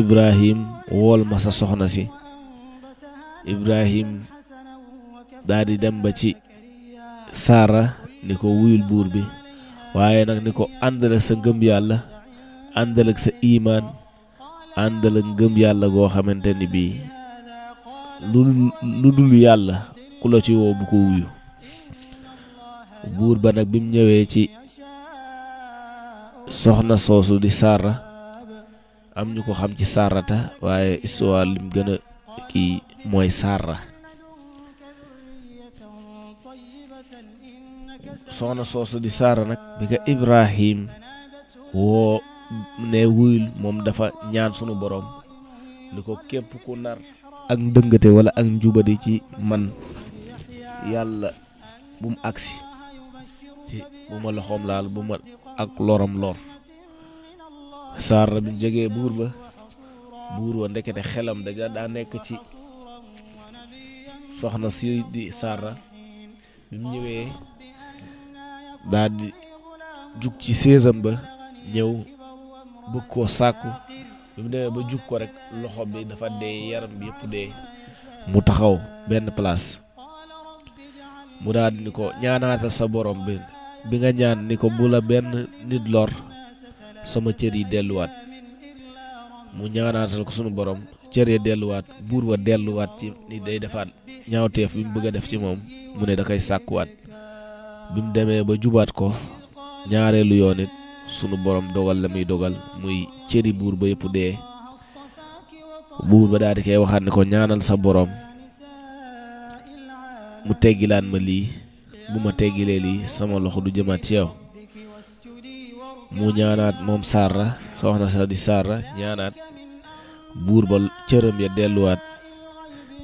ibrahim wool ma sa soxna si ibrahim daal di dem ba ci saara ni ko wuyul buur bi waaye nag ni ko àndal sa ngëm yàlla àndal sa imaan àndal ak yàlla goo xamante ni bii lu dul yàlla ku la ci woo bu ko wuyu buur ba nag bim ñëwee ci soxna soosu di saara am ñu ko xam ci saarata waaye histoire lim gën kii mooy sarra soxna soosu di sarra nag bi nga Ibrahim woo ne wuyul moom dafa ñaan sunu borom ni ko képp ku nar ak ndëngate wala ak njubadi ci man yàlla bu agsi ci bu loxoom laal bu ak loram lor Sara bi jege buur ba buur wa ndekete xelam daga da nek ci soxna si di sarra bi mu ñëwee di juk ci seesam ba ñew bu ko saku bi mu demee ba juk ko rek loxo bi dafa de yaram bi yep de mu taxaw ben place mu daal ni ko ñaanaatal sa borom bi bi nga ñaan ni ko bu la nit lor sama cër yi delluwaat mu ñaanaatal ko sunu borom cër ya delluwaat buur ba delluwaat ci ni day defaat ñaawteef bi mu bëgg a def ci moom mu ne da koy sàkkuwaat bi mu demee ba jubaat ko ñaareelu yoon it sunu borom dogal la muy dogal muy cëri buur ba yëpp dee buur ba daal di koy waxaat ne ko ñaanal sa boroom mu teggilaat ma lii bu ma teggilee lii sama loxo du jëmaat ci mu ñaanaat moom Saara soxna sa di Saara ñaanaat buur ba cëram ya delluwaat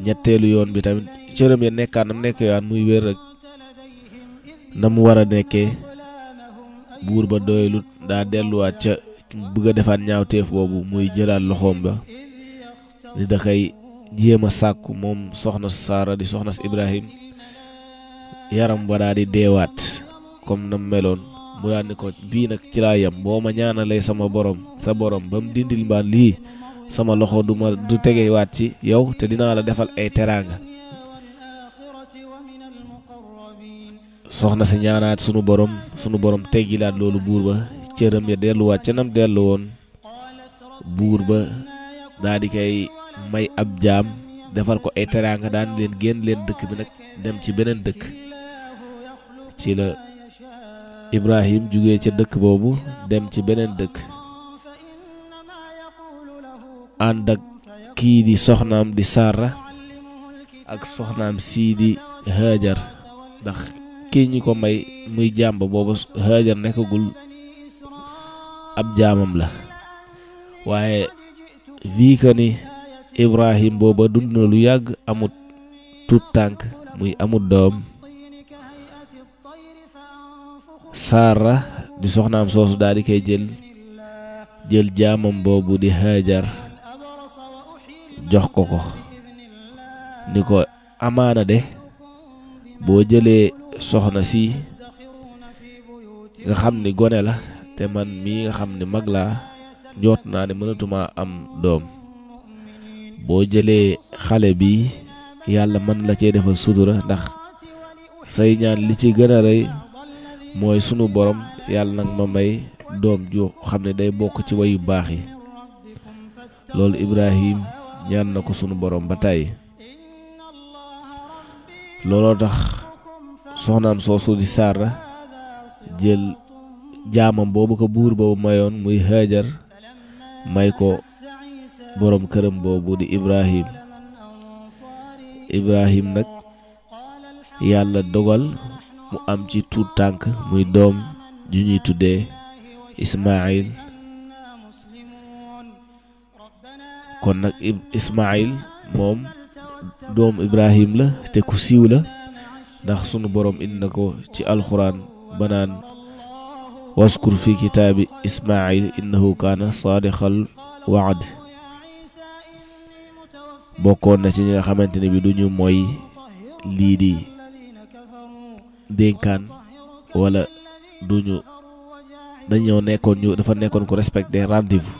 ñetteelu yoon bi tamit cëram ya nekkaat na mu nekkewaat muy wér ak na mu war a nekkee buur ba doylut daa delluwaat ca bëgg a defaat ñaawteef boobu muy jëlaat loxoom ba ni da koy jéem a sàkku moom soxna Saara di soxna si Ibrahim yaram ba daa di deewaat comme na mu meloon. mu daal ko bii nag ci laa yem boo ma ñaanalee sama boroom sa boroom ba mu dindil ma lii sama loxo du ma du tegewaat ci yow te dinaa la defal ay teraanga soxna si ñaanaat sunu borom sunu boroom teggilaat loolu buur ba cëram ya delluwaat ca nam dellu woon buur ba daa di koy may ab jaam defal ko ay teraanga daan génn leen dëkk bi nag dem ci beneen dëkk ci la. Ibrahim jugee ca dëkk boobu dem ci beneen dëkk ànd ak kii di soxnaam di Saara ak soxnaam sii di Hajar ndax kii ñi ko may muy jàmb booba Hajar nekkagul ab jaamam la waaye vii que ni Ibrahim booba dund lu yàgg amut tuut tànk muy amut doom saara di soxnaam soosu daal di koy jël jël jaamam boobu di hajar jox ko ko ni ko amaana de boo jëlee soxna si nga xam ni gone la te man mii nga xam ni mag laa njoot naa ne mënatuma am doom boo jëlee xale bi yàlla mën la cee defal sutura ndax say ñaan li ci gën a mooy sunu borom yàlla nag ma may doom ju xam ne day bokk ci wayu baax yi loolu Ibrahim ñaan na ko sunu borom ba tàyyi looloo tax soxnaam soosu di Saara jël jaamam boobu ko buur boobu mayoon muy Haajar may ko borom këram boobu di Ibrahim Ibrahim nag yàlla dogal mu am ci tuut tànk muy doom ju ñuy tuddee Ismaayil nag Ismaayil moom doomu Ibrahim la te ku siiw la ndax sunu boroom indi na ko ci alxuraan banaan waskur fi kitaabi Ismaayil innahu kaana saadiqal waad bokkoon na ci ñi nga xamante ne bi duñu mooy lii dénkaan wala duñu dañoo nekkoon ñu dafa nekkoon ku respecte rendez-vous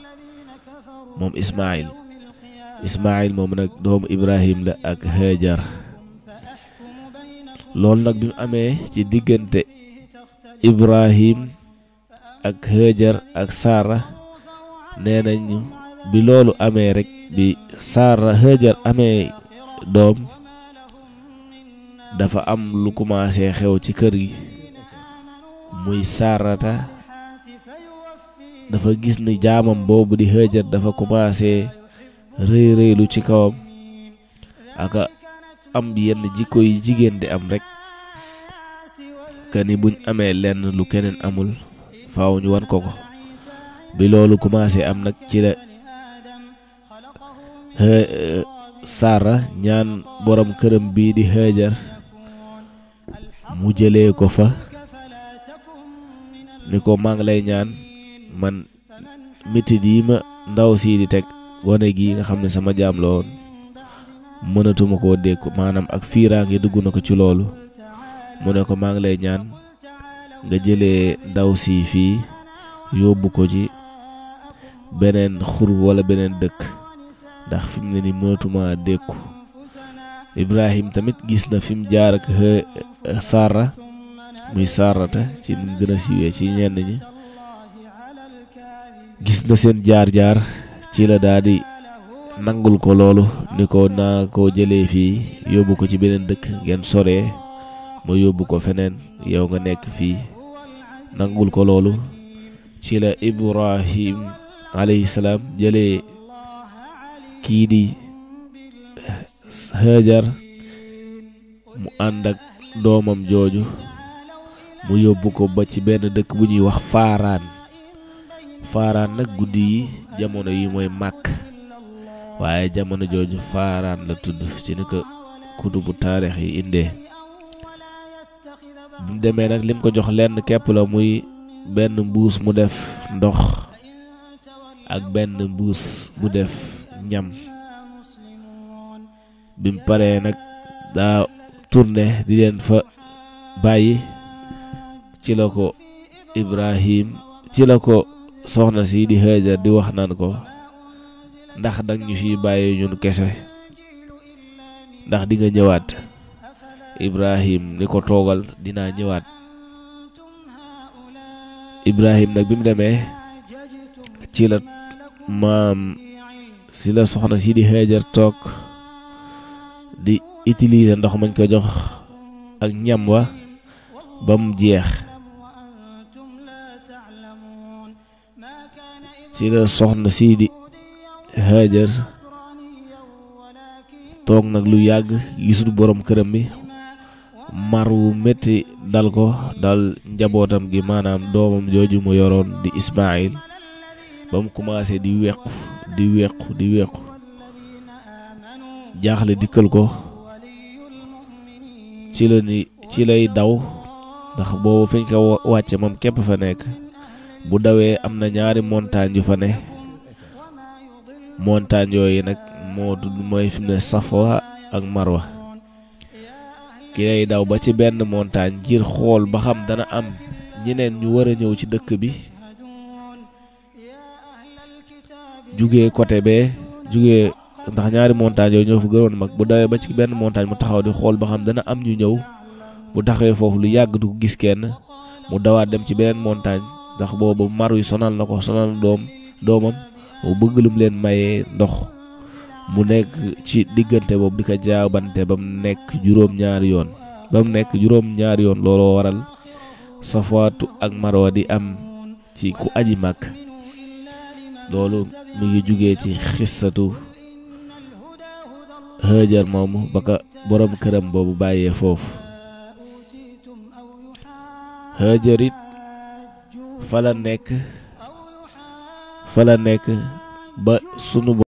moom Ismaïl Ismaïl moom nag doomu Ibrahim la ak Hajar loolu nag bi mu amee ci diggante Ibrahim ak Hajar ak Saara nee nañu bi loolu amee rek bi Saara Hajar amee doom dafa am lu commencé xew ci kër gi muy saarata dafa gis ni jaamam boobu di xëjat dafa commencé rëy rëylu ci kawam aka am yenn jikko yi jigéen di am rek ka ni buñ amee lenn lu keneen amul faaw ñu wan ko ko bi loolu commencé am nag ci la saara ñaan boroom këram bii di xëjar mu jëlee ko fa ni ko maa ngi lay ñaan man metit yi ma ndaw sii di teg gone gi nga xam ne sama jaam la woon mënatuma koo dékku maanaam ak fiiraange dugg na ko ci loolu mu ne ko maa ngi lay ñaan nga jële ndaw sii fii yóbbu ko ci beneen xur walla beneen dëkk ndax fi mu ne nii mënatuma dékku Ibrahim tamit gis na fi jaar ak sara muy sarata ci nu gëna siwé ci ñenn ñi gis na seen jaar jaar ci la daadi nangul ko loolu ni ko na ko jëlé fi yobbu ko ci benen dëkk ngeen soré mo yobbu ko feneen yow nga nekk fi nangul ko loolu ci la ibrahim alayhi salam jëlé ki di hajar mu andak doomam jooju mu yóbbu ko ba ci benn dëkk bu ñuy wax faaraan faaraan nag guddi yi jamono yi mooy màkk waaye jamono jooju faaraan la tudd ci ni ko kutubu taarix yi indee bu mu demee nag lim ko jox lenn képp la muy benn mbuus mu def ndox ak benn mbuus mu def ñam bim paree nag daa tournée di leen fa bàyyi ci la ko Ibrahim ci la ko soxna sii di Hajar di wax naan ko ndax dag ñu fi bàyyi ñun kese ndax di nga ñëwaat Ibrahim ni ko toogal dinaa ñëwaat Ibrahim nag bi mu demee ci la maam ci la soxna sii di Hajar toog di utiliser ndox mañ ko jox ak ñam wa ba mu jeex ci la soxna sii di Haajar toog nag lu yàgg gisul boroom këram bi mar wu metti dal ko dal njabootam gi maanaam doomam jooju mu yoroon di Ismaayil ba mu commencé di wequ di wequ di wequ jaaxle dikkal ko ci lay daw ndax boobu fiñ ko wàcce moom képp fa nekk bu dawee am na ñaari montagne yu fa ne montagne yooyu nag moo tudd mooy fi mu ne Safa ak Marwa ki lay daw ba ci benn montagne ngir xool ba xam dana am ñeneen ñu war a ñëw ci dëkk bi jugee côté bee ndax ñaari montagne yooyu ñoo fa gënoon mag bu dawee ba ci benn montagne mu taxaw di xool ba xam am ñu ñëw bu taxawee foofu lu yàgg du ko gis kenn mu dawaa dem ci beneen montagne ndax boobu mar wi sonal na ko sonal doom doomam mu bëgg lu leen mayee ndox mu nekk ci diggante boobu di ko jaabante ba mu nekk juróom-ñaari yoon ba mu nekk juróom-ñaari yoon looloo waral safaatu ak marwa di am ci ku aji màkk loolu mu ngi jugee ci xissatu Haajar moomu ba ko borom këram boobu bàyyee foofu Haajar it fa la nekk fa la nekk ba sunu